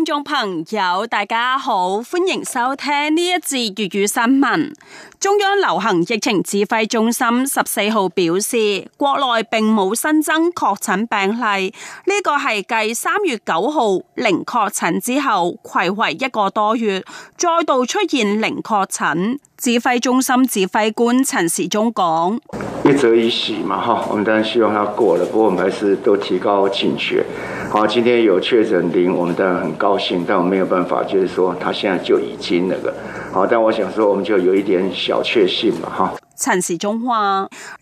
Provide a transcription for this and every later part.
聽眾朋友，大家好，歡迎收聽呢一節粵語新聞。中央流行疫情指揮中心十四號表示，國內並冇新增確診病例，呢、這個係繼三月九號零確診之後，暌違一個多月，再度出現零確診。指揮中心指揮官陳時中講：，一則以喜嘛，哈，我們當然希望他過了，不過我們還是都提高警覺。好，今天有確診零，我們當然很高興，但我沒有辦法，就是說他現在就已經那個，好，但我想說，我們就有一點小確幸嘛。陳時中」哈。陳時中話：，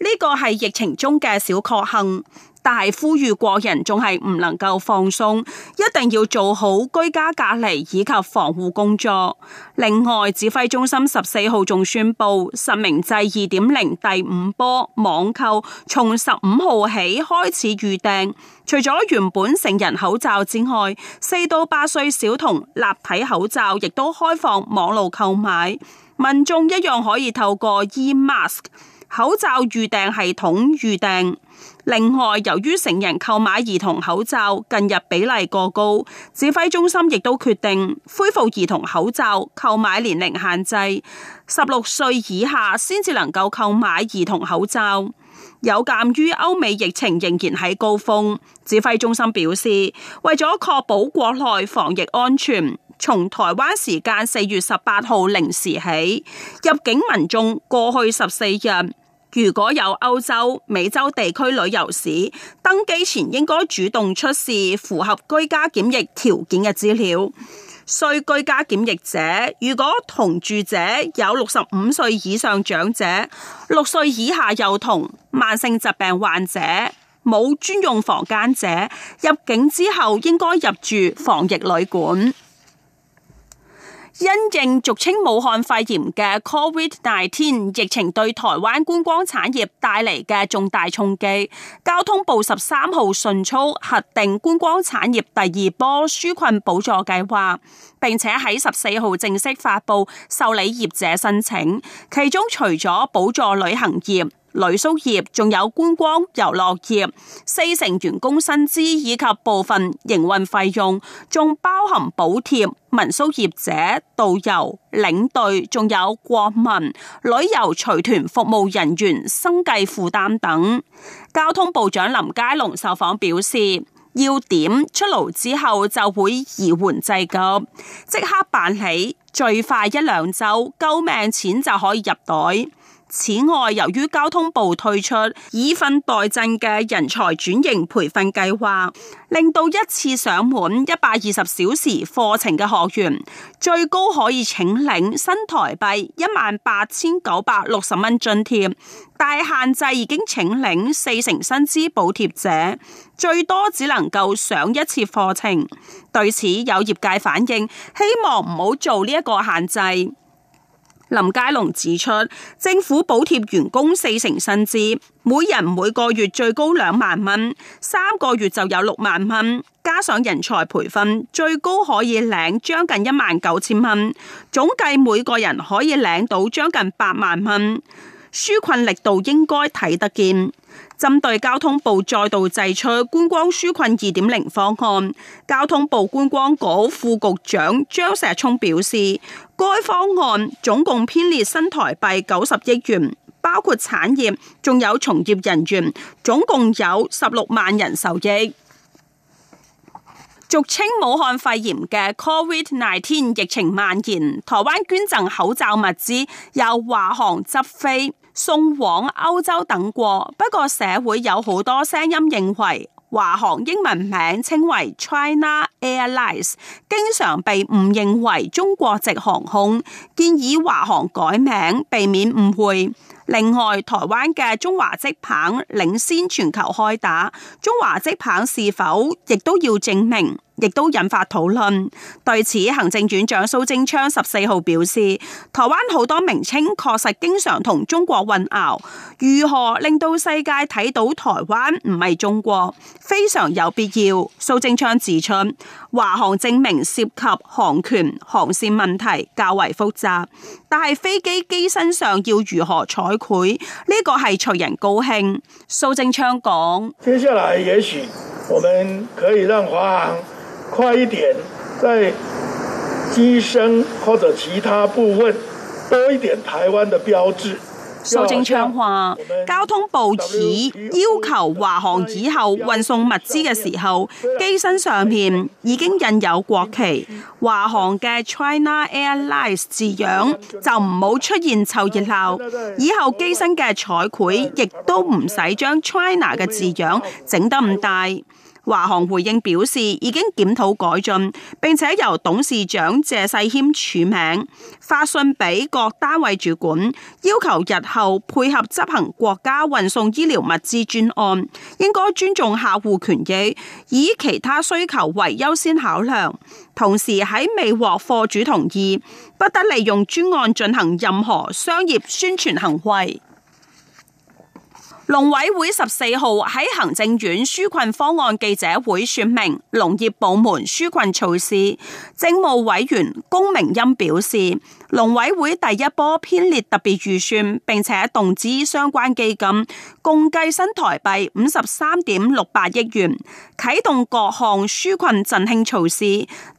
呢個係疫情中嘅小確幸。但係呼籲國人仲係唔能夠放鬆，一定要做好居家隔離以及防護工作。另外，指揮中心十四號仲宣布，實名制二點零第五波網購從十五號起開始預訂。除咗原本成人口罩之外，四到八歲小童立體口罩亦都開放網路購買，民眾一樣可以透過 eMask 口罩預訂系統預訂。另外，由於成人購買兒童口罩近日比例過高，指揮中心亦都決定恢復兒童口罩購買年齡限制，十六歲以下先至能夠購買兒童口罩。有鑒於歐美疫情仍然喺高峰，指揮中心表示，為咗確保國內防疫安全，從台灣時間四月十八號零時起，入境民眾過去十四日。如果有歐洲、美洲地區旅遊史，登機前應該主動出示符合居家檢疫條件嘅資料。需居家檢疫者，如果同住者有六十五歲以上長者、六歲以下幼童、慢性疾病患者、冇專用房間者，入境之後應該入住防疫旅館。因應俗稱武漢肺炎嘅 COVID-19 疫情對台灣觀光產業帶嚟嘅重大衝擊，交通部十三號迅速核定觀光產業第二波紓困補助計劃，並且喺十四號正式發布受理業者申請，其中除咗補助旅行業。旅宿業仲有觀光遊樂業，四成員工薪資以及部分營運費用，仲包含補貼民宿業者、導遊、領隊，仲有國民旅遊隨團服務人員生計負擔等。交通部長林佳龍受訪表示，要點出爐之後就會移緩濟急，即刻辦起，最快一兩週救命錢就可以入袋。此外，由於交通部推出以訓代賑嘅人才轉型培訓計劃，令到一次上滿一百二十小時課程嘅學員，最高可以請領新台幣一萬八千九百六十蚊津貼，但限制已經請領四成薪資補貼者，最多只能夠上一次課程。對此，有業界反應，希望唔好做呢一個限制。林佳龍指出，政府補貼員工四成薪資，每人每個月最高兩萬蚊，三個月就有六萬蚊，加上人才培訓，最高可以領將近一萬九千蚊，總計每個人可以領到將近八萬蚊。紓困力度應該睇得見，針對交通部再度祭出觀光紓困二點零方案，交通部觀光局副局長張石聰表示，該方案總共編列新台幣九十億元，包括產業仲有從業人員，總共有十六萬人受益。俗稱武漢肺炎嘅 Covid 19疫情蔓延，台灣捐贈口罩物資由華航執飛，送往歐洲等國。不過社會有好多聲音認為華航英文名稱為 China Airlines，經常被誤認為中國籍航空，建議華航改名避免誤會。另外，台灣嘅中華職棒領先全球開打，中華職棒是否亦都要正名？亦都引發討論。對此，行政院長蘇貞昌十四號表示，台灣好多名稱確實經常同中國混淆，如何令到世界睇到台灣唔係中國，非常有必要。蘇貞昌指出，華航正名涉及航權、航線問題較為複雜，但係飛機機身上要如何彩繪，呢個係隨人高興。蘇貞昌講：接下來也許我們可以讓華航。快一點，在機身或者其他部分多一點台灣的標誌。蘇貞昌話：交通部已要求華航以後運送物資嘅時候，機身上面已經印有國旗，華航嘅 China Airlines 字樣就唔好出現湊熱鬧。以後機身嘅彩繪亦都唔使將 China 嘅字樣整得咁大。華航回應表示，已經檢討改進，並且由董事長謝世謙署名發信俾各單位主管，要求日後配合執行國家運送醫療物資專案，應該尊重客戶權益，以其他需求為優先考量。同時喺未獲貨主同意，不得利用專案進行任何商業宣傳行為。農委會十四號喺行政院紓困方案記者會說明農業部門紓困措施，政務委員龔明鑫表示，農委會第一波編列特別預算，並且動支相關基金，共計新台幣五十三點六八億元，啟動各項紓困振興措施；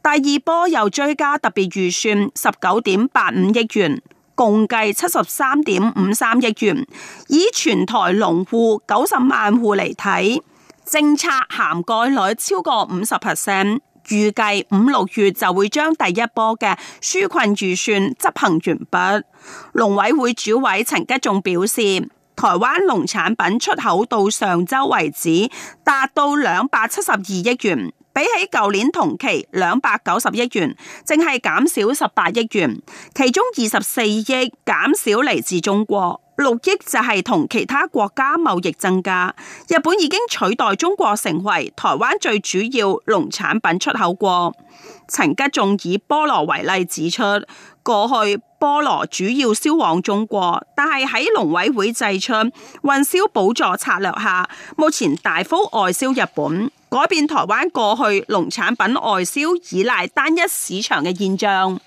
第二波又追加特別預算十九點八五億元。共計七十三點五三億元，以全台農戶九十萬戶嚟睇，政策涵蓋率超過五十 percent，預計五六月就會將第一波嘅紓困預算執行完畢。農委會主委陳吉仲表示，台灣農產品出口到上周為止達到兩百七十二億元。比起舊年同期兩百九十億元，淨係減少十八億元，其中二十四億減少嚟自中國，六億就係同其他國家貿易增加。日本已經取代中國成為台灣最主要農產品出口國。陳吉仲以菠蘿為例指出，過去菠蘿主要銷往中國，但係喺農委會祭出運銷補助策略下，目前大幅外銷日本。改變台灣過去農產品外銷依賴單一市場嘅現象。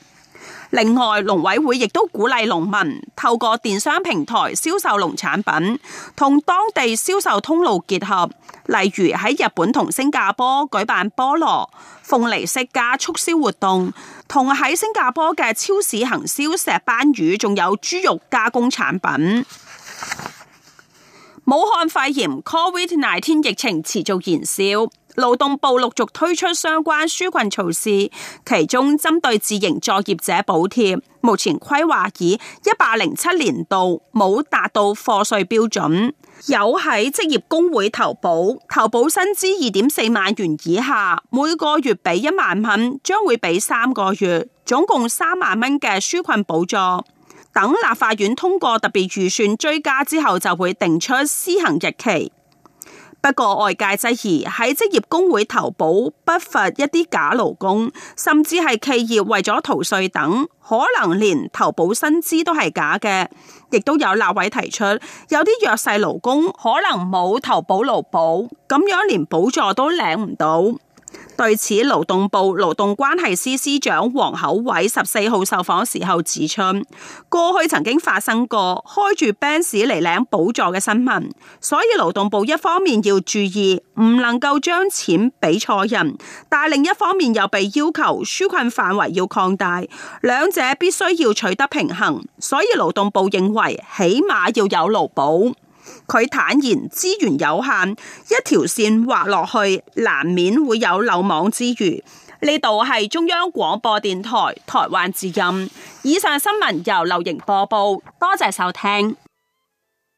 另外，農委會亦都鼓勵農民透過電商平台銷售農產品，同當地銷售通路結合，例如喺日本同新加坡舉辦菠蘿、鳳梨釋迦促銷活動，同喺新加坡嘅超市行銷石斑魚，仲有豬肉加工產品。武漢肺炎 （Covid-19） 疫情持續燃燒，勞動部陸續推出相關紓困措施，其中針對自營作業者補貼，目前規劃以一百零七年度冇達到課稅標準，有喺職業工會投保，投保薪資二點四萬元以下，每個月俾一萬蚊，將會俾三個月，總共三萬蚊嘅紓困補助。等立法院通過特別預算追加之後，就會定出施行日期。不過外界質疑喺職業工會投保，不乏一啲假勞工，甚至係企業為咗逃稅等，可能連投保薪資都係假嘅。亦都有立委提出，有啲弱勢勞工可能冇投保勞保，咁樣連補助都領唔到。對此，勞動部勞動關係司司長黃厚偉十四號受訪時候指出，過去曾經發生過開住賓士嚟領補助嘅新聞，所以勞動部一方面要注意唔能夠將錢俾錯人，但另一方面又被要求紓困範圍要擴大，兩者必須要取得平衡，所以勞動部認為起碼要有勞保。佢坦言資源有限，一條線劃落去難免會有漏網之魚。呢度係中央廣播電台台灣之音。以上新聞由劉瑩播報，多謝收聽。